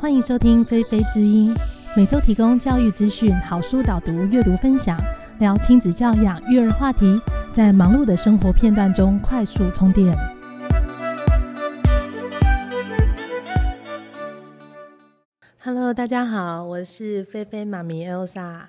歡迎收聽菲菲之音，每周提供教育資訊、好書導讀、閱讀分享、聊親子教養、育兒話題，在忙碌的生活片段中快速充電。大家好，我是菲菲媽咪 Elsa，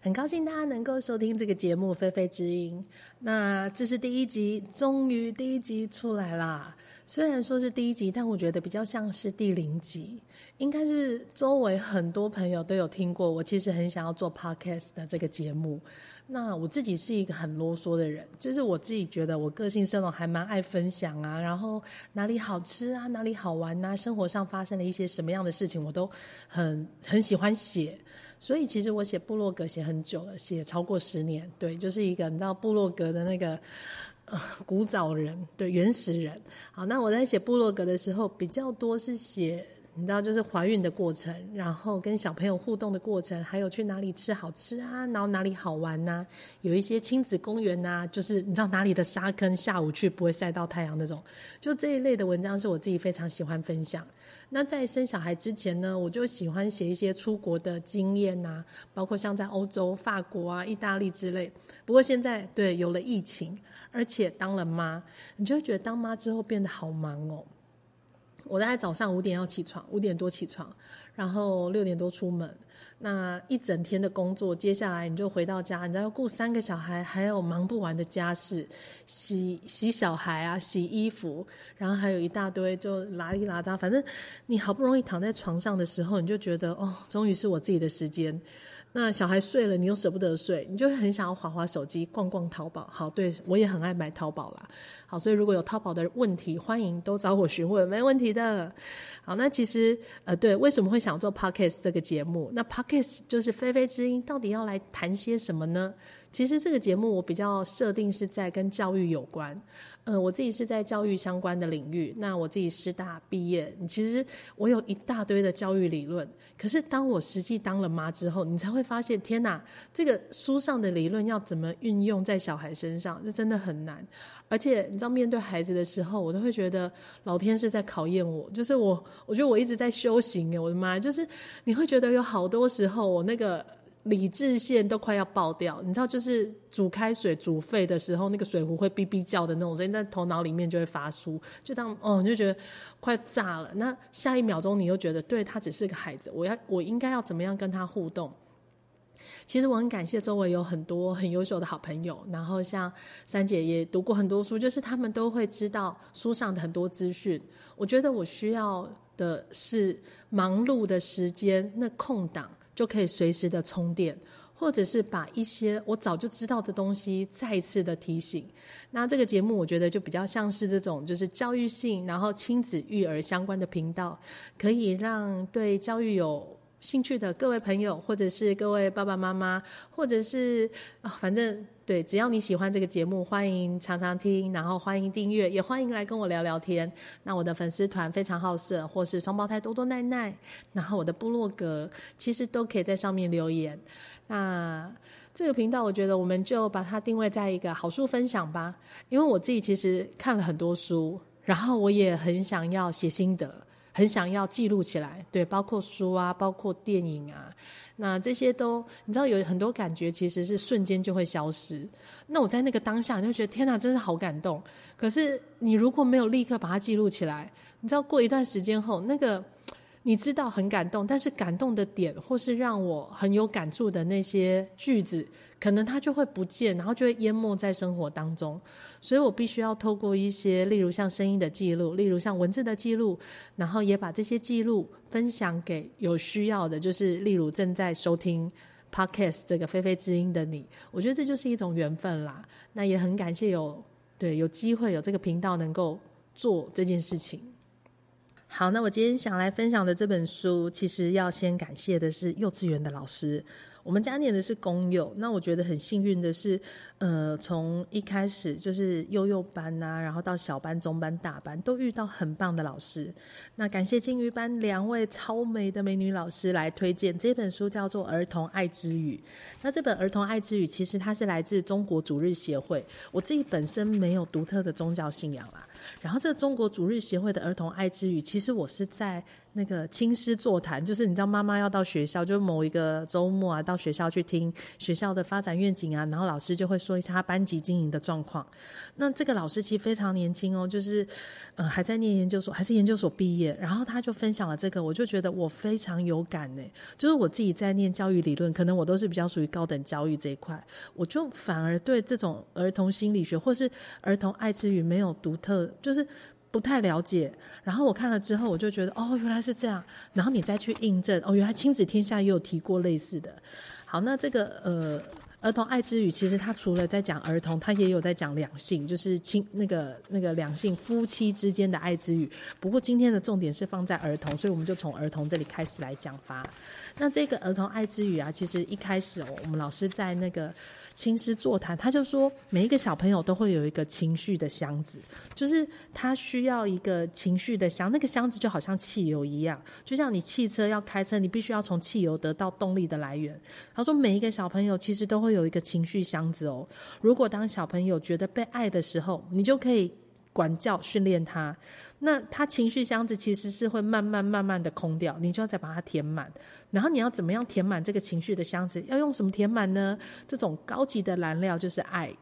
很高興大家能夠收聽這個節目《菲菲之音》。那這是第一集，終於第一集出來了。雖然說是第一集，但我覺得比較像是第零集。應該是周圍很多朋友都有聽過我，其實很想要做 Podcast 的這個節目。那我自己是一個很囉嗦的人，就是我自己覺得我個性上還蠻愛分享啊，然後哪裡好吃啊，哪裡好玩啊，生活上發生了一些什麼樣的事情，我都很很喜歡寫。所以其實我寫部落格寫很久了，寫超過十年。對，就是一個你知道部落格的那個、嗯、古早人，對原始人。好，那我在寫部落格的時候，比較多是寫。你知道就是懷孕的過程，然後跟小朋友互動的過程，還有去哪裡吃好吃啊，然後哪裡好玩吶、啊，有一些親子公園吶、啊，就是你知道哪裡的沙坑，下午去不會曬到太陽那種，就這一類的文章是我自己非常喜歡分享。那在生小孩之前呢，我就喜歡寫一些出國的經驗吶、啊，包括像在歐洲、法國啊、意大利之類。不過現在，對，有了疫情，而且當了媽，你就會覺得當媽之後變得好忙哦。我大概早上五點要起床，五點多起床，然後六點多出門。那一整天的工作，接下來你就回到家，你知道，要顧三個小孩，還有忙不完的家事，洗洗小孩啊，洗衣服，然後還有一大堆就邋裡邋遢，反正你好不容易躺在床上的時候，你就覺得哦，終於是我自己的時間。那小孩睡了，你又捨不得睡，你就很想要滑滑手機、逛逛淘寶。好，對，我也很愛買淘寶啦。好，所以如果有淘寶的問題，歡迎都找我詢問，沒問題的。好，那其實呃，對，為什麼會想做 Podcast 這個節目？那 Podcast 就是菲菲之音，到底要來談些什麼呢？其實這個節目我比較設定是在跟教育有關，嗯、呃，我自己是在教育相關的領域。那我自己師大畢業，其實我有一大堆的教育理論。可是當我實際當了媽之後，你才會發現，天哪，這個書上的理論要怎麼運用在小孩身上，這真的很難。而且你知道，面對孩子的時候，我都會覺得老天是在考驗我，就是我，我覺得我一直在修行誒，我的媽，就是你會覺得有好多時候我那個。理智線都快要爆掉，你知道，就是煮開水煮沸的時候，那個水壺會嗶嗶叫的那種聲音，在頭腦裡面就會發酥，就這樣，哦，就覺得快炸了。那下一秒鐘，你又覺得，對，他只是個孩子，我要，我應該要怎麼樣跟他互動？其實我很感謝周圍有很多很優秀的好朋友，然後像三姐也讀過很多書，就是他們都會知道書上的很多資訊。我覺得我需要的是忙碌的時間，那空檔。就可以隨時的充電，或者是把一些我早就知道的東西再一次的提醒。那這個節目，我覺得就比較像是這種，就是教育性，然後親子育兒相關的頻道，可以讓對教育有。興趣的各位朋友，或者是各位爸爸媽媽，或者是、哦、反正對，只要你喜歡這個節目，歡迎常常聽，然後歡迎訂閱，也歡迎來跟我聊聊天。那我的粉絲團菲常好攝，或是雙胞胎多多奈奈，然後我的部落格其實都可以在上面留言。那這個頻道，我覺得我們就把它定位在一個好書分享吧，因為我自己其實看了很多書，然後我也很想要寫心得。很想要記錄起來，對，包括書啊，包括電影啊，那這些都你知道有很多感覺，其實是瞬間就會消失。那我在那個當下你就覺得天哪，真是好感動。可是你如果沒有立刻把它記錄起來，你知道過一段時間後那個。你知道很感動，但是感動的點或是讓我很有感觸的那些句子，可能它就會不見，然後就會淹沒在生活當中。所以我必須要透過一些，例如像聲音的記錄，例如像文字的記錄，然後也把這些記錄分享給有需要的，就是例如正在收聽 Podcast 這個菲菲之音的你。我覺得這就是一種緣分啦。那也很感謝有對有機會有這個頻道能夠做這件事情。好，那我今天想來分享的這本書，其實要先感謝的是幼稚園的老師。我們家念的是公幼，那我覺得很幸運的是，呃，從一開始就是幼幼班吶、啊，然後到小班、中班、大班，都遇到很棒的老師。那感謝鯨魚班兩位超美的美女老師來推薦這本書，叫做《兒童愛之語》。那這本《兒童愛之語》其實它是來自中國主日協會。我自己本身沒有獨特的宗教信仰啦、啊。然後這個中國主日協會的兒童愛之語，其實我是在那個親師座談，就是你知道媽媽要到學校，就是某一個週末啊，到學校去聽學校的發展願景啊，然後老師就會說一下他班級經營的狀況。那這個老師其實非常年輕哦，就是呃還在念研究所，還是研究所畢業，然後他就分享了這個，我就覺得我非常有感呢，就是我自己在念教育理論，可能我都是比較屬於高等教育這一塊，我就反而對這種兒童心理學或是兒童愛之語沒有獨特。就是不太了解，然後我看了之後，我就覺得哦，原來是這樣。然後你再去印證，哦，原來親子天下也有提過類似的。好，那這個呃。兒童愛之語，其實他除了在講兒童，他也有在講兩性，就是親那個那個兩性夫妻之間的愛之語。不過今天的重點是放在兒童，所以我們就從兒童這裡開始來講吧。那這個兒童愛之語啊，其實一開始我們老師在那個親師座談，他就說每一個小朋友都會有一個情緒的箱子，就是他需要一個情緒的箱，那個箱子就好像汽油一樣，就像你汽車要開車，你必須要從汽油得到動力的來源。他說每一個小朋友其實都會。會有一個情緒箱子哦。如果當小朋友覺得被愛的時候，你就可以管教訓練他。那他情緒箱子其實是會慢慢慢慢的空掉，你就要再把它填滿。然後你要怎麼樣填滿這個情緒的箱子？要用什麼填滿呢？這種高級的燃料就是愛。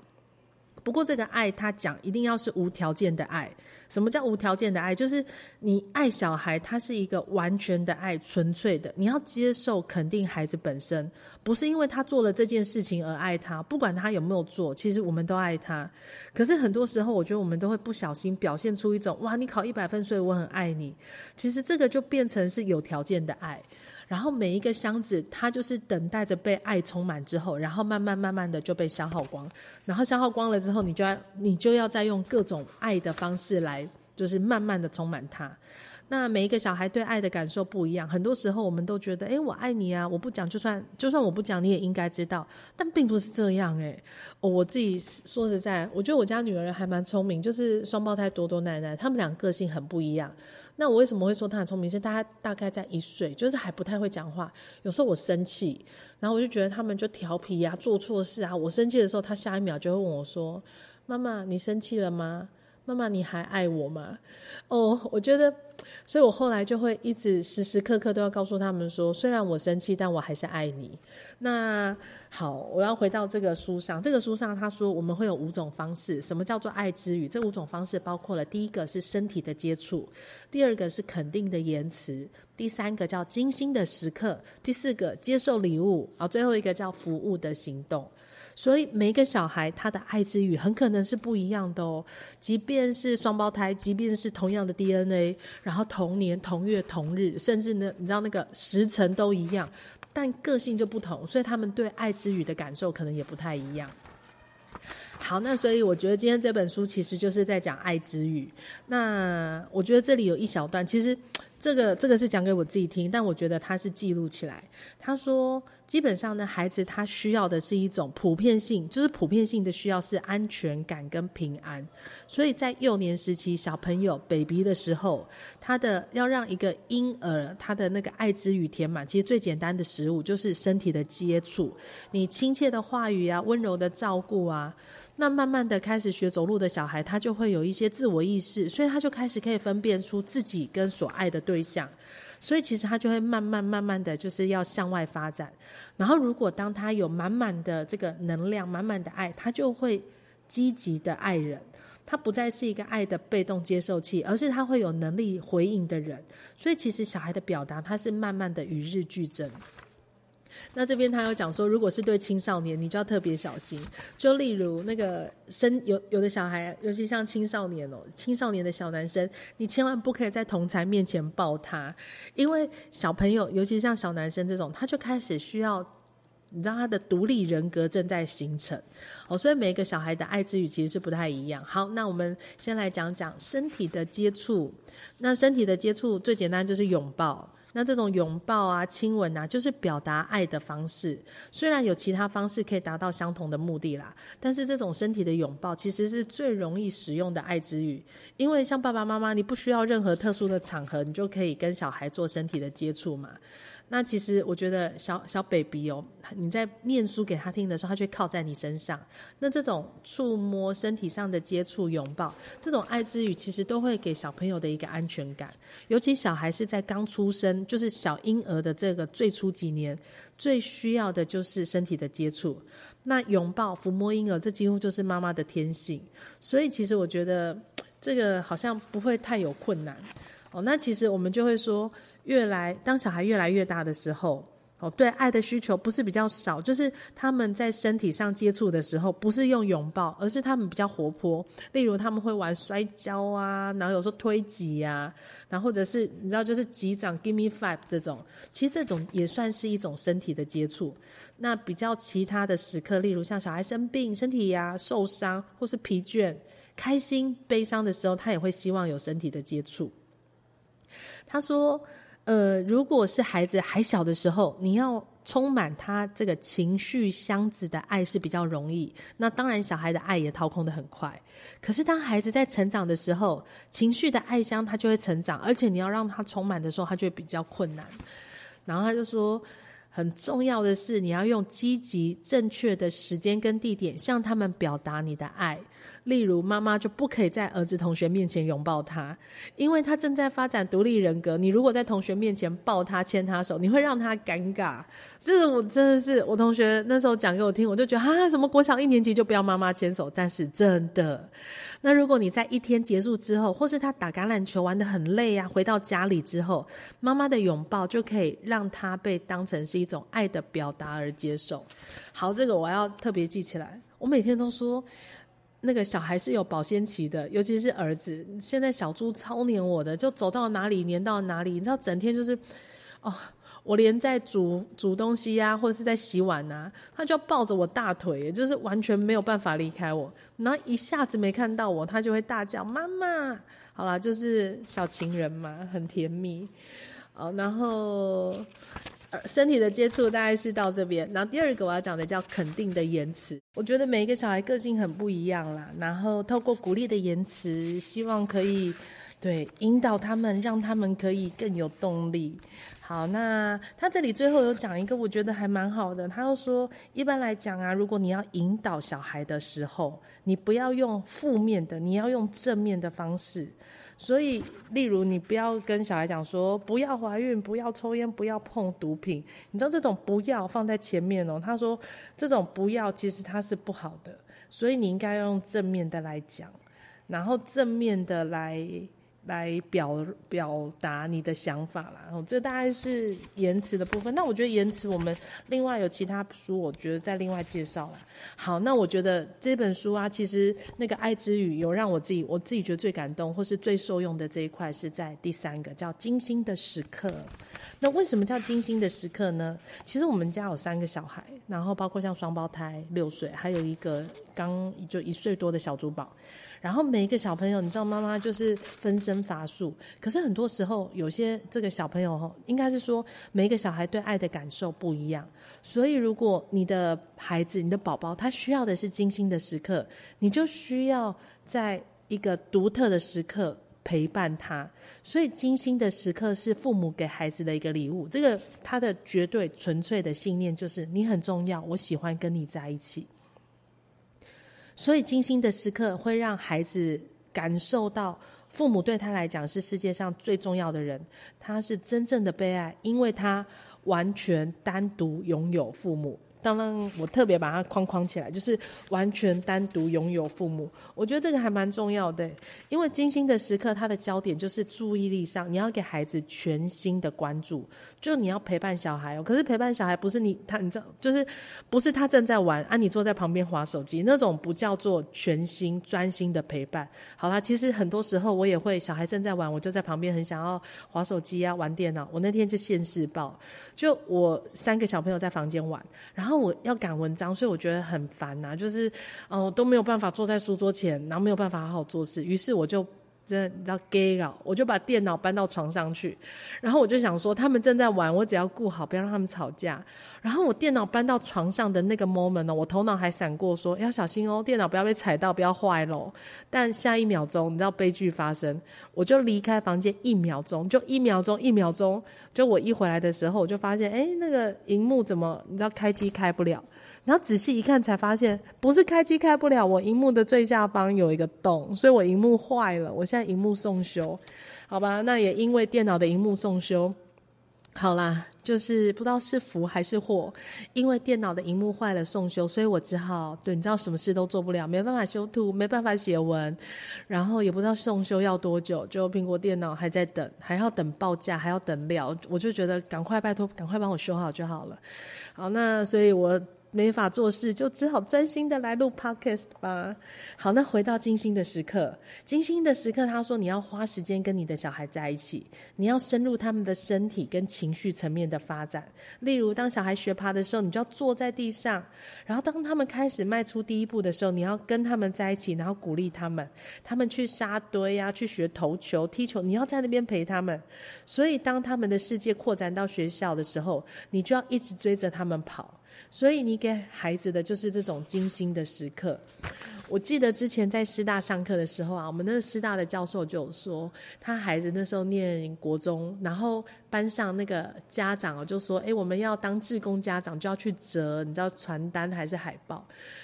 不過，這個愛他講一定要是無條件的愛。什麼叫無條件的愛？就是你愛小孩，他是一個完全的愛，純粹的。你要接受、肯定孩子本身，不是因為他做了這件事情而愛他，不管他有沒有做，其實我們都愛他。可是很多時候，我覺得我們都會不小心表現出一種：哇，你考一百分，所以我很愛你。其實這個就變成是有條件的愛。然後每一個箱子，它就是等待着被愛充滿之後，然後慢慢慢慢的就被消耗光。然後消耗光了之後，你就要你就要再用各種愛的方式來，就是慢慢的充滿它。那每一個小孩對愛的感受不一樣，很多時候我們都覺得，誒、欸，我愛你啊，我不講就算，就算我不講你也應該知道，但並不是這樣誒、欸哦，我自己說實在，我覺得我家女兒還蠻聰明，就是雙胞胎多多奶奶，他們倆個性很不一樣。那我為什麼會說她很聰明？是她大概在一歲，就是還不太會講話，有時候我生氣，然後我就覺得他們就調皮啊，做錯事啊，我生氣的時候，他下一秒就會問我說：“媽媽，你生氣了嗎？”媽媽，你還愛我嗎？哦，我覺得，所以我後來就會一直時時刻刻都要告訴他們說，雖然我生氣，但我還是愛你。那好，我要回到這個書上，這個書上他說，我們會有五種方式，什麼叫做愛之語？這五種方式包括了：第一個是身體的接觸，第二個是肯定的言辭，第三個叫精心的時刻，第四個接受禮物，然後最後一個叫服務的行動。所以每一個小孩他的愛之語很可能是不一樣的哦，即便是雙胞胎，即便是同樣的 DNA，然後同年同月同日，甚至呢，你知道那個時辰都一樣，但個性就不同，所以他們對愛之語的感受可能也不太一樣。好，那所以我覺得今天這本書其實就是在講愛之語。那我覺得這裡有一小段，其實這個這個是講給我自己聽，但我覺得他是記錄起來，他說。基本上呢，孩子他需要的是一種普遍性，就是普遍性的需要是安全感跟平安。所以在幼年時期，小朋友 baby 的時候，他的要讓一個嬰兒他的那個愛之語填滿，其實最簡單的食物就是身體的接觸，你親切的話語啊，溫柔的照顧啊，那慢慢的開始學走路的小孩，他就會有一些自我意識，所以他就開始可以分辨出自己跟所愛的對象。所以其實他就會慢慢、慢慢的就是要向外發展，然後如果當他有滿滿的這個能量、滿滿的愛，他就會積極的愛人，他不再是一個愛的被動接受器，而是他會有能力回應的人。所以其實小孩的表達，他是慢慢的與日俱增。那這邊他有講說，如果是對青少年，你就要特別小心。就例如那個生有有的小孩，尤其像青少年哦，青少年的小男生，你千萬不可以在同儕面前抱他，因為小朋友，尤其像小男生這種，他就開始需要，你知道他的獨立人格正在形成哦。所以每一個小孩的愛之語其實是不太一樣。好，那我們先來講講身體的接觸。那身體的接觸最簡單就是擁抱。那這種擁抱啊、親吻啊，就是表達愛的方式。雖然有其他方式可以達到相同的目的啦，但是這種身體的擁抱其實是最容易使用的愛之語。因為像爸爸媽媽，你不需要任何特殊的場合，你就可以跟小孩做身體的接觸嘛。那其實我覺得小小 baby 哦，你在念書給他聽的時候，他卻靠在你身上。那這種觸摸、身體上的接觸、擁抱，這種愛之語，其實都會給小朋友的一個安全感。尤其小孩是在剛出生，就是小嬰兒的這個最初幾年，最需要的就是身體的接觸。那擁抱、撫摸嬰兒，這幾乎就是媽媽的天性。所以其實我覺得這個好像不會太有困難。哦，那其實我們就會說。越來，當小孩越來越大的時候，哦，對，愛的需求不是比較少，就是他們在身體上接觸的時候，不是用擁抱，而是他們比較活潑，例如他們會玩摔跤啊，然後有時候推擠呀、啊，然後或者是你知道，就是擊掌，give me five 這種，其實這種也算是一種身體的接觸。那比較其他的時刻，例如像小孩生病、身體呀、啊、受傷或是疲倦、開心、悲傷的時候，他也會希望有身體的接觸。他說。呃，如果是孩子還小的時候，你要充滿他這個情緒箱子的愛是比較容易。那當然，小孩的愛也掏空得很快。可是當孩子在成長的時候，情緒的愛箱它就會成長，而且你要讓他充滿的時候，他就會比較困難。然後他就說，很重要的是你要用積極、正確的時間跟地點向他們表達你的愛。例如，媽媽就不可以在兒子同學面前擁抱他，因為他正在發展獨立人格。你如果在同學面前抱他、牽他手，你會讓他尷尬。這個我真的是我同學那時候講給我聽，我就覺得啊，什麼國小一年級就不要媽媽牽手。但是真的，那如果你在一天結束之後，或是他打橄欖球玩得很累啊，回到家裡之後，媽媽的擁抱就可以讓他被當成是一種愛的表達而接受。好，這個我要特別記起來。我每天都說。那個小孩是有保鮮期的，尤其是兒子。現在小豬超黏我的，就走到哪裡黏到哪裡，你知道，整天就是，哦，我連在煮煮東西呀、啊，或者是在洗碗啊，他就要抱着我大腿，就是完全沒有辦法離開我。然後一下子沒看到我，他就會大叫，媽媽。好啦，就是小情人嘛，很甜蜜。哦，然後。身體的接觸大概是到這邊，然後第二個我要講的叫肯定的言辭。我覺得每一個小孩個性很不一樣啦，然後透過鼓勵的言辭，希望可以對引導他們，讓他們可以更有動力。好，那他這裡最後有講一個，我覺得還蠻好的。他又說，一般來講啊，如果你要引導小孩的時候，你不要用負面的，你要用正面的方式。所以，例如，你不要跟小孩講說“不要懷孕”“不要抽煙”“不要碰毒品”。你知道這種“不要”放在前面哦。他說，這種“不要”其實它是不好的，所以你應該要用正面的來講，然後正面的來。來表表達你的想法啦，然後這大概是言辭的部分。那我覺得言辭，我們另外有其他書，我覺得再另外介紹啦。好，那我覺得這本書啊，其實那個《愛之語》有讓我自己，我自己覺得最感動或是最受用的這一塊，是在第三個叫“精心的時刻”。那為什麼叫“精心的時刻”呢？其實我們家有三個小孩，然後包括像雙胞胎六歲，還有一個剛就一歲多的小珠寶。然後每一個小朋友，你知道媽媽就是分身乏術。可是很多時候，有些這個小朋友吼，應該是說每一個小孩對愛的感受不一樣。所以，如果你的孩子、你的寶寶，他需要的是精心的時刻，你就需要在一個獨特的時刻陪伴他。所以，精心的時刻是父母給孩子的一個禮物。這個他的絕對純粹的信念就是：你很重要，我喜歡跟你在一起。所以，精心的時刻會讓孩子感受到，父母對他來講是世界上最重要的人。他是真正的被愛，因為他完全單獨擁有父母。當然，我特別把它框框起來，就是完全單獨擁有父母。我覺得這個還蠻重要的、欸，因為精心的時刻，它的焦點就是注意力上，你要給孩子全心的關注。就你要陪伴小孩哦、喔，可是陪伴小孩不是你他，你知道，就是不是他正在玩啊，你坐在旁邊滑手機那種，不叫做全心專心的陪伴。好啦，其實很多時候我也會，小孩正在玩，我就在旁邊很想要滑手機啊，玩電腦。我那天就現世報，就我三個小朋友在房間玩，然後。然後我要趕文章，所以我覺得很煩吶，就是，哦，都沒有辦法坐在書桌前，然後沒有辦法好好做事，於是我就。真的，你知道，gay 佬，我就把電腦搬到床上去，然後我就想說，他們正在玩，我只要顧好，不要讓他們吵架。然後我電腦搬到床上的那個 moment 呢，我頭腦還閃過說、欸，要小心哦、喔，電腦不要被踩到，不要壞咯、喔。但下一秒鐘，你知道悲劇發生，我就離開房間一秒鐘，就一秒鐘，一秒鐘，就我一回來的時候，我就發現，誒、欸，那個熒幕怎麼，你知道，開機開不了。然後仔細一看，才發現不是開機開不了，我螢幕的最下方有一個洞，所以我螢幕壞了，我現在螢幕送修，好吧，那也因為電腦的螢幕送修，好啦，就是不知道是福還是禍，因為電腦的螢幕壞了送修，所以我只好對，你知道什麼事都做不了，沒辦法修圖，沒辦法寫文，然後也不知道送修要多久，就蘋果電腦還在等，還要等報價，還要等料，我就覺得趕快拜托，趕快幫我修好就好了。好，那所以我。沒法做事，就只好專心的來錄 podcast 吧。好，那回到精心的時刻，精心的時刻，他說你要花時間跟你的小孩在一起，你要深入他們的身體跟情緒層面的發展。例如，當小孩學爬的時候，你就要坐在地上，然後當他們開始邁出第一步的時候，你要跟他們在一起，然後鼓勵他們。他們去沙堆呀、啊，去學投球、踢球，你要在那邊陪他們。所以，當他們的世界擴展到學校的時候，你就要一直追着他們跑。所以你給孩子的就是這種精心的時刻。我記得之前在師大上課的時候啊，我們那個師大的教授就有說，他孩子那時候念國中，然後班上那個家長就說：“哎，我們要當志工家長，就要去折，你知道傳單還是海報。”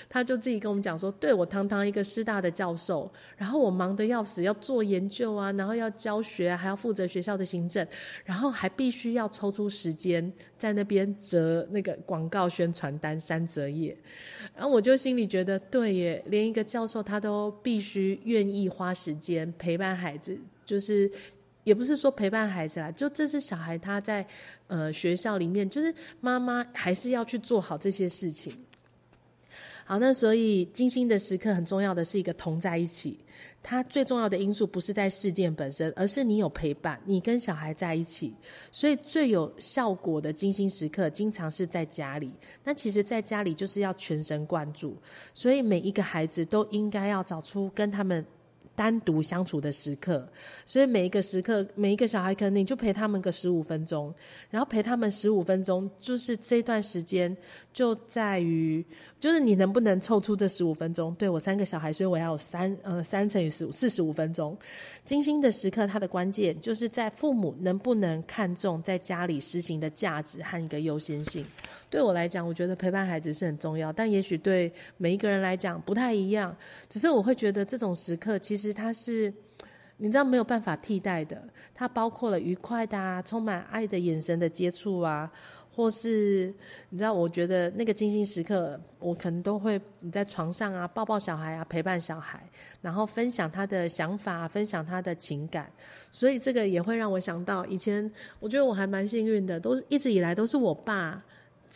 他就自己跟我們講說：“對，我堂堂一個師大的教授，然後我忙得要死，要做研究啊，然後要教學啊，還要負責學校的行政，然後還必須要抽出時間。”在那邊折那個廣告宣傳單三折頁，然後我就心裡覺得，對耶，連一個教授他都必須願意花時間陪伴孩子，就是也不是說陪伴孩子啦，就這是小孩他在呃學校裡面，就是媽媽還是要去做好這些事情。好，那所以精心的時刻很重要的是一個同在一起，它最重要的因素不是在事件本身，而是你有陪伴，你跟小孩在一起，所以最有效果的精心時刻，經常是在家裡。那其實，在家裡就是要全神貫注，所以每一個孩子都應該要找出跟他們單獨相處的時刻，所以每一個時刻，每一個小孩，可能你就陪他們個十五分鐘，然後陪他們十五分鐘，就是這段時間，就在於，就是你能不能湊出這十五分鐘。對我三個小孩，所以我要有三，呃，三乘以十五，四十五分鐘。精心的時刻，它的關鍵，就是在父母能不能看重在家裡實行的價值和一個優先性。對我來講，我覺得陪伴孩子是很重要，但也許對每一個人來講不太一樣。只是我會覺得這種時刻，其實它是你知道沒有辦法替代的。它包括了愉快的、啊、充滿愛的眼神的接觸啊，或是你知道，我覺得那個精心時刻，我可能都會你在床上啊，抱抱小孩啊，陪伴小孩，然後分享他的想法，分享他的情感。所以這個也會讓我想到，以前我覺得我還蠻幸運的，都是一直以來都是我爸，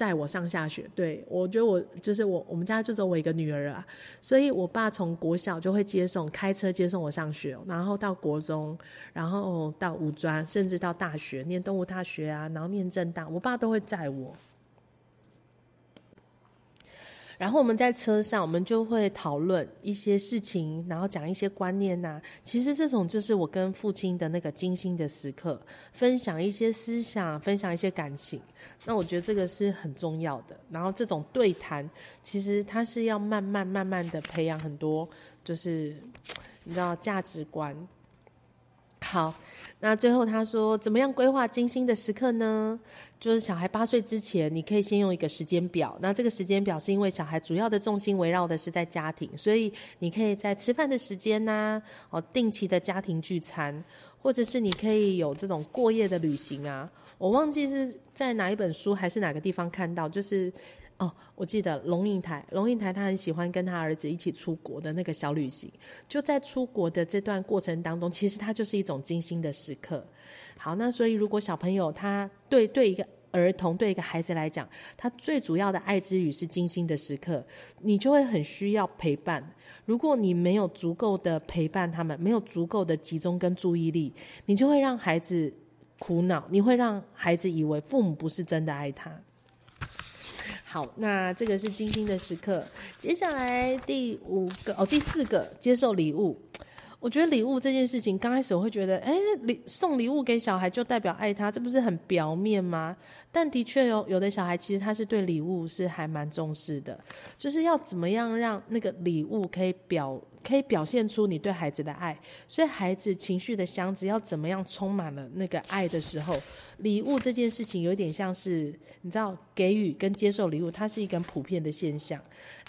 載我上下學，對，我覺得我就是我，我們家就只有我一個女兒啊，所以我爸從國小就會接送，開車接送我上學，然後到國中，然後到五專，甚至到大學，念動物大學啊，然後念政大，我爸都會載我，然後我們在車上，我們就會討論一些事情，然後講一些觀念呐。其實這種就是我跟父親的那個精心的時刻，分享一些思想，分享一些感情。那我覺得這個是很重要的。然後這種對談，其實它是要慢慢慢慢的培養很多，就是你知道價值觀。好，那最後他說，怎麼樣規劃精心的時刻呢？就是小孩八歲之前，你可以先用一個時間表。那這個時間表是因為小孩主要的重心圍繞的是在家庭，所以你可以在吃飯的時間吶，哦，定期的家庭聚餐，或者是你可以有這種過夜的旅行啊。我忘記是在哪一本書還是哪個地方看到，就是。哦，我記得龍應台，龍應台他很喜歡跟他兒子一起出國的那個小旅行，就在出國的這段過程當中，其實他就是一種精心的時刻。好，那所以如果小朋友他對，對一個兒童對一個孩子來講，他最主要的愛之語是精心的時刻，你就會很需要陪伴。如果你沒有足夠的陪伴他們，沒有足夠的集中跟注意力，你就會讓孩子苦惱，你會讓孩子以為父母不是真的愛他。好，那這個是精心的時刻。接下來第五個哦，第四個接受禮物。我覺得禮物這件事情，剛開始我會覺得，欸、禮、送禮物給小孩就代表愛他，這不是很表面嗎？但的確，有有的小孩其實他是對禮物是還蠻重視的，就是要怎麼樣讓那個禮物可以表。可以表現出你對孩子的愛，所以孩子情緒的箱子要怎麼樣充滿了那個愛的時候，禮物這件事情有點像是你知道給予跟接受禮物，它是一個很普遍的現象。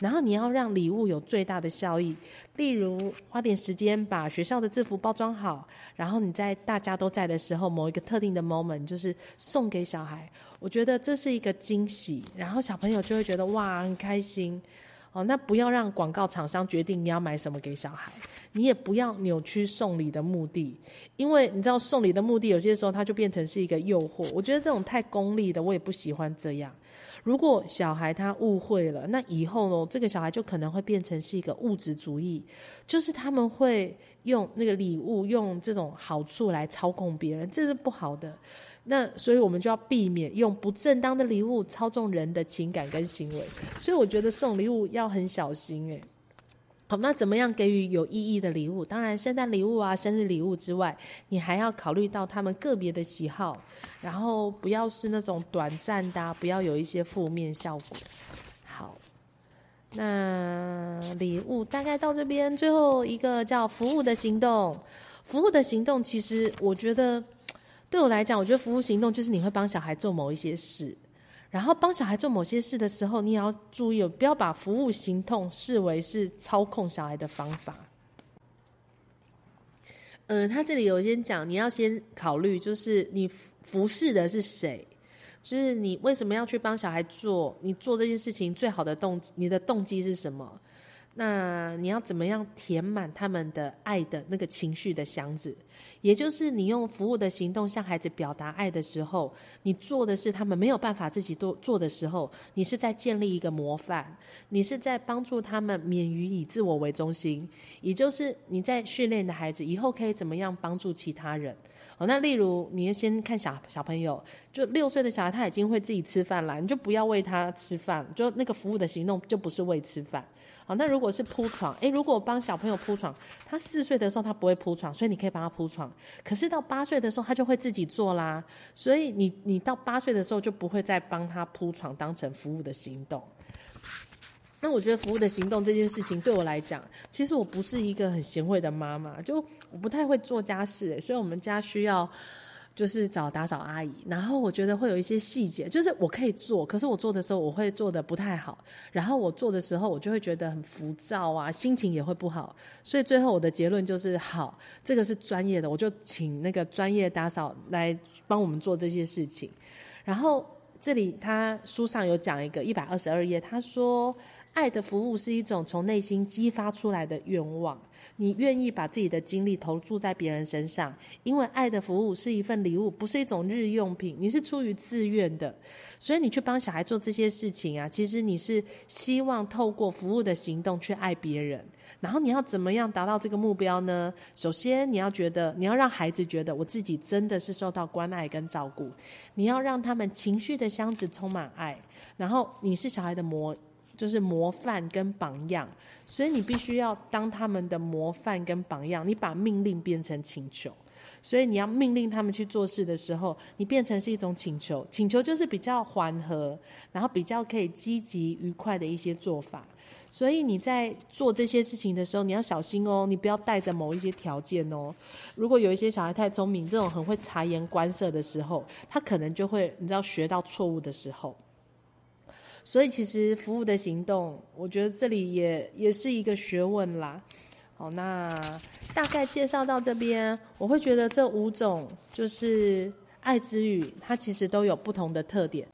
然後你要讓禮物有最大的效益，例如花點時間把學校的制服包裝好，然後你在大家都在的時候，某一個特定的 moment 就是送給小孩，我覺得這是一個驚喜，然後小朋友就會覺得哇，很開心。哦，那不要讓廣告廠商決定你要買什麼給小孩，你也不要扭曲送禮的目的，因為你知道送禮的目的，有些時候它就變成是一個誘惑。我覺得這種太功利的，我也不喜歡這樣。如果小孩他誤會了，那以後呢，這個小孩就可能會變成是一個物質主義，就是他們會用那個禮物、用這種好處來操控別人，這是不好的。那所以，我們就要避免用不正當的禮物操縱人的情感跟行為。所以，我覺得送禮物要很小心。誒，好，那怎麼樣給予有意義的禮物？當然，聖誕禮物啊、生日禮物之外，你還要考慮到他們個別的喜好，然後不要是那種短暫的、啊，不要有一些負面效果。好，那禮物大概到這邊，最後一個叫服務的行動。服務的行動，其實我覺得。對我來講，我覺得服務行動就是你會幫小孩做某一些事，然後幫小孩做某些事的時候，你也要注意，不要把服務行動視為是操控小孩的方法。嗯、呃，他這裡有先講，你要先考慮，就是你服侍的是誰，就是你為什麼要去幫小孩做，你做這件事情最好的動，你的動機是什麼？那你要怎麼樣填滿他們的愛的那個情緒的箱子？也就是你用服務的行動向孩子表達愛的時候，你做的是他們沒有辦法自己做做的時候，你是在建立一個模範，你是在幫助他們免於以自我為中心。也就是你在訓練的孩子以後可以怎麼樣幫助其他人？哦，那例如你要先看小小朋友，就六歲的小孩他已經會自己吃飯了，你就不要餵他吃飯，就那個服務的行動就不是餵吃飯。好，那如果是鋪床，誒、欸。如果我幫小朋友鋪床，他四歲的時候他不會鋪床，所以你可以幫他鋪床。可是到八歲的時候，他就會自己做啦。所以你你到八歲的時候，就不會再幫他鋪床，當成服務的行動。那我覺得服務的行動這件事情，對我來講，其實我不是一個很賢惠的媽媽，就我不太會做家事，欸，所以我們家需要。就是找打掃阿姨，然後我覺得會有一些細節，就是我可以做，可是我做的時候我會做得不太好，然後我做的時候我就會覺得很浮躁啊，心情也會不好，所以最後我的結論就是，好，這個是專業的，我就請那個專業打掃來幫我們做這些事情。然後這裡他書上有講一個一百二十二頁，他說。愛的服務是一種從內心激發出來的願望，你願意把自己的精力投注在別人身上，因為愛的服務是一份禮物，不是一種日用品。你是出於自願的，所以你去幫小孩做這些事情啊，其實你是希望透過服務的行動去愛別人。然後你要怎麼樣達到這個目標呢？首先，你要覺得你要讓孩子覺得我自己真的是受到關愛跟照顧，你要讓他們情緒的箱子充滿愛，然後你是小孩的模。就是模範跟榜樣，所以你必須要當他們的模範跟榜樣。你把命令變成請求，所以你要命令他們去做事的時候，你變成是一種請求。請求就是比較緩和，然後比較可以積極愉快的一些做法。所以你在做這些事情的時候，你要小心哦，你不要帶着某一些條件哦。如果有一些小孩太聰明，這種很會察言觀色的時候，他可能就會，你知道，學到錯誤的時候。所以其實服務的行動，我覺得這裡也也是一個學問啦。好，那大概介紹到這邊，我會覺得這五種就是愛之語，它其實都有不同的特點。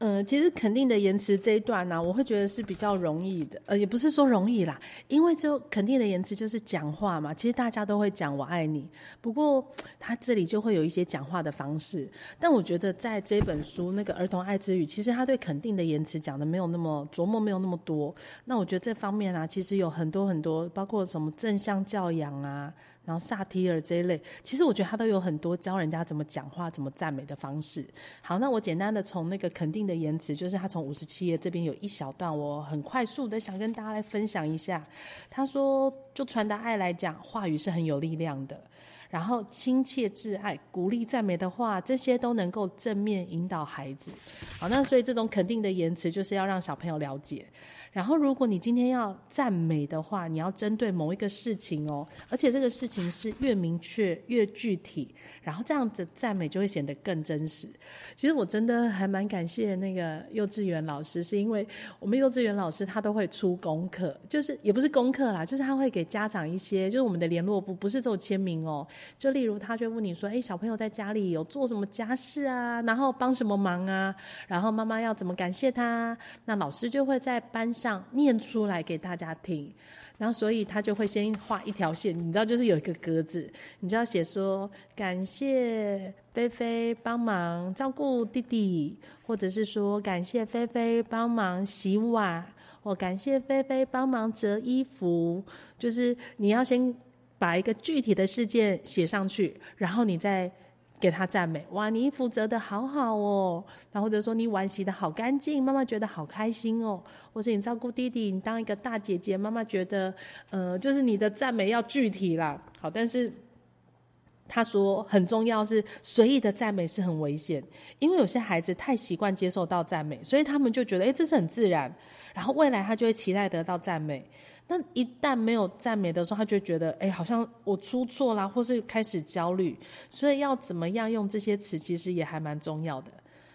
呃，其實肯定的言辭這一段呢、啊，我會覺得是比較容易的，呃，也不是說容易啦，因為就肯定的言辭就是講話嘛，其實大家都會講“我愛你”，不過他這裡就會有一些講話的方式。但我覺得在這本書《那個兒童愛之語》，其實他對肯定的言辭講的沒有那麼琢磨，沒有那麼多。那我覺得這方面啊，其實有很多很多，包括什麼正向教養啊，然後薩提爾這一類，其實我覺得他都有很多教人家怎麼講話、怎麼讚美的方式。好，那我簡單的從那個肯定。的言辭，就是他從五十七頁這邊有一小段，我很快速的想跟大家來分享一下。他說，就傳達愛來講，話語是很有力量的。然後親切摯愛、鼓勵讚美的話，這些都能夠正面引導孩子。好，那所以這種肯定的言辭，就是要讓小朋友了解。然後，如果你今天要讚美的話，你要針對某一個事情哦，而且這個事情是越明確越具體，然後這樣子讚美就會顯得更真實。其實我真的還蠻感謝那個幼稚園老師，是因為我們幼稚園老師他都會出功課，就是也不是功課啦，就是他會給家長一些，就是我們的聯絡簿不是這種簽名哦，就例如他卻問你說，哎，小朋友在家裡有做什麼家事啊？然後幫什麼忙啊？然後媽媽要怎麼感謝他？那老師就會在班上。像念出來給大家聽，然後所以他就會先畫一條線，你知道就是有一個格子，你就要寫說，感謝菲菲幫忙照顧弟弟，或者是說感謝菲菲幫忙洗碗，或感謝菲菲幫忙折衣服，就是你要先把一個具體的事件寫上去，然後你再。給他讚美，哇，你衣服折得好好哦，然後或者說你碗洗得好乾淨，媽媽覺得好開心哦。或是你照顧弟弟，你當一個大姐姐，媽媽覺得，呃，就是你的讚美要具體啦。好，但是他說很重要是隨意的讚美是很危險，因為有些孩子太習慣接受到讚美，所以他們就覺得哎，這是很自然，然後未來他就會期待得到讚美。但一旦沒有讚美的時候，他就覺得，哎、欸，好像我出錯啦，或是開始焦慮。所以要怎麼樣用這些詞，其實也還蠻重要的。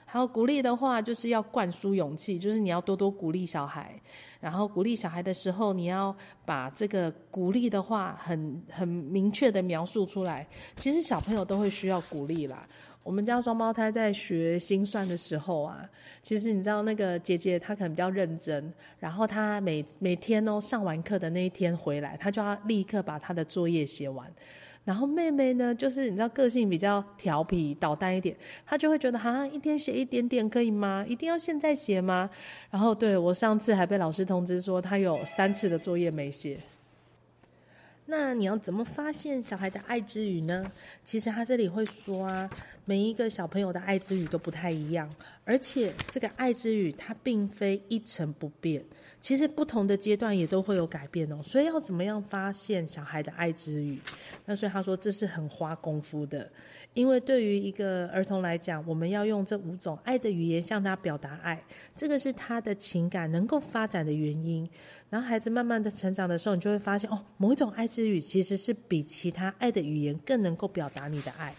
還有鼓勵的話，就是要灌輸勇氣，就是你要多多鼓勵小孩。然後鼓勵小孩的時候，你要把這個鼓勵的話很很明確的描述出來。其實小朋友都會需要鼓勵啦。我們家雙胞胎在學心算的時候啊，其實你知道，那個姐姐她可能比較認真，然後她每每天哦，上完課的那一天回來，她就要立刻把她的作業寫完。然後妹妹呢，就是你知道，個性比較調皮搗蛋一點，她就會覺得啊，一天寫一點點可以嗎？一定要現在寫嗎？然後對，我上次還被老師通知說，她有三次的作業沒寫。那你要怎麼發現小孩的愛之語呢？其實他這裡會說啊，每一個小朋友的愛之語都不太一樣。而且這個愛之語，它並非一成不變，其實不同的階段也都會有改變哦。所以要怎麼樣發現小孩的愛之語？那所以他說這是很花功夫的，因為對於一個兒童來講，我們要用這五種愛的語言向他表達愛，這個是他的情感能夠發展的原因。然後孩子慢慢的成長的時候，你就會發現哦，某一種愛之語其實是比其他愛的語言更能夠表達你的愛。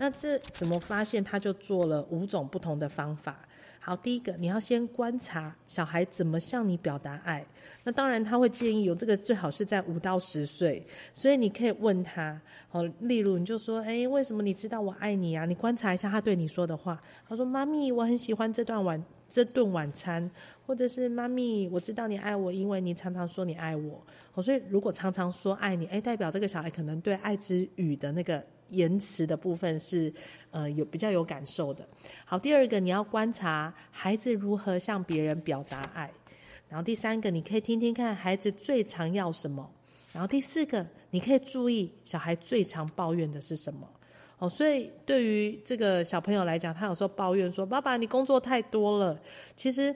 那這怎麼發現？他就做了五種不同的方法。好，第一個你要先觀察小孩怎麼向你表達愛。那當然他會建議有這個最好是在五到十歲，所以你可以問他。好，例如你就說：“哎，為什麼你知道我愛你啊？”你觀察一下他對你說的話。他說：“媽咪，我很喜歡這段晚這頓晚餐。”或者是“媽咪，我知道你愛我，因為你常常說你愛我。”好，所以如果常常說愛你，哎，代表這個小孩可能對愛之語的那個。言辭的部分是，呃，有比較有感受的。好，第二個你要觀察孩子如何向別人表達愛，然後第三個你可以聽聽看孩子最常要什麼，然後第四個你可以注意小孩最常抱怨的是什麼。哦，所以對於這個小朋友來講，他有時候抱怨說：“爸爸，你工作太多了。”其實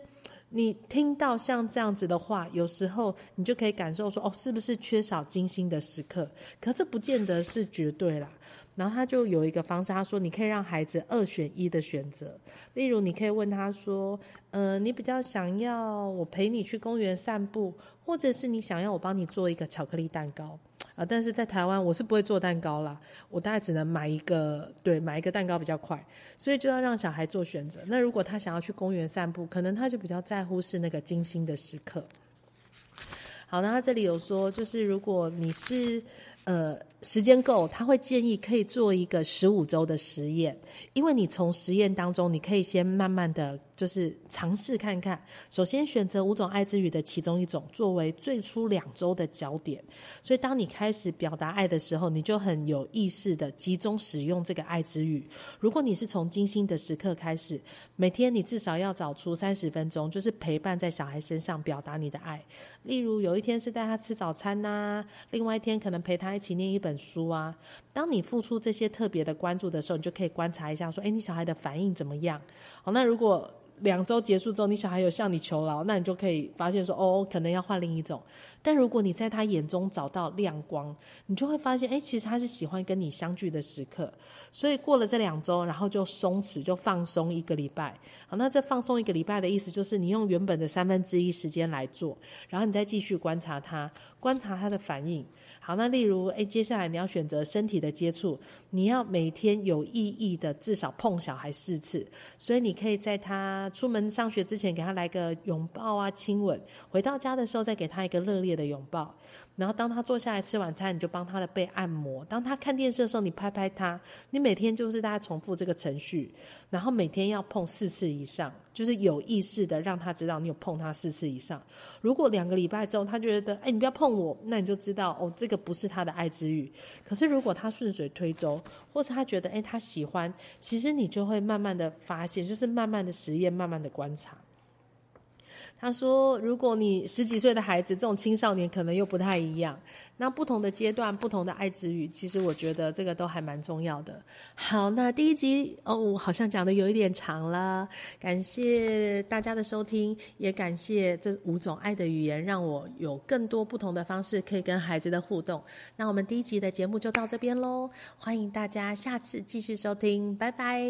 你聽到像這樣子的話，有時候你就可以感受說：“哦，是不是缺少精心的時刻？”可這不見得是絕對啦。然後他就有一個方式，他說你可以讓孩子二選一的選擇，例如你可以問他說：“呃，你比較想要我陪你去公園散步，或者是你想要我幫你做一個巧克力蛋糕啊？”但是在台灣我是不會做蛋糕啦，我大概只能買一個，對，買一個蛋糕比較快，所以就要讓小孩做選擇。那如果他想要去公園散步，可能他就比較在乎是那個精心的時刻。好，那他這裡有說，就是如果你是呃。時間夠，他會建議可以做一個十五週的實驗，因為你從實驗當中，你可以先慢慢的就是嘗試看看。首先選擇五種愛之語的其中一種作為最初兩週的焦點，所以當你開始表達愛的時候，你就很有意識的集中使用這個愛之語。如果你是從精心的時刻開始，每天你至少要找出三十分鐘，就是陪伴在小孩身上表達你的愛。例如有一天是帶他吃早餐吶、啊，另外一天可能陪他一起念一本。書啊，當你付出這些特別的關注的時候，你就可以觀察一下說，哎，你小孩的反應怎麼樣？好，那如果兩周結束之後，你小孩有向你求饒，那你就可以發現說，哦，可能要換另一種。但如果你在他眼中找到亮光，你就會發現，哎，其實他是喜歡跟你相聚的時刻。所以過了這兩周，然後就鬆弛，就放鬆一個禮拜。好，那這放鬆一個禮拜的意思就是，你用原本的三分之一時間來做，然後你再繼續觀察他，觀察他的反應。好，那例如，哎、欸，接下來你要選擇身體的接觸，你要每天有意義的至少碰小孩四次。所以你可以在他出門上學之前給他來個擁抱啊親吻，回到家的時候再給他一個熱烈的擁抱。然後當他坐下來吃晚餐，你就幫他的背按摩；當他看電視的時候，你拍拍他。你每天就是大概重複這個程序，然後每天要碰四次以上。就是有意識的讓他知道你有碰他四次以上，如果兩個禮拜之後他覺得，誒、欸，你不要碰我，那你就知道哦，這個不是他的愛之語。可是如果他順水推舟，或是他覺得，誒、欸，他喜歡，其實你就會慢慢的發現，就是慢慢的實驗，慢慢的觀察。他說：“如果你十幾歲的孩子，這種青少年可能又不太一樣。那不同的階段，不同的愛之語，其實我覺得這個都還蠻重要的。好，那第一集哦，我好像講的有一點長了。感謝大家的收聽，也感謝這五種愛的語言，讓我有更多不同的方式可以跟孩子的互動。那我們第一集的節目就到這邊嘍，歡迎大家下次繼續收聽，拜拜。”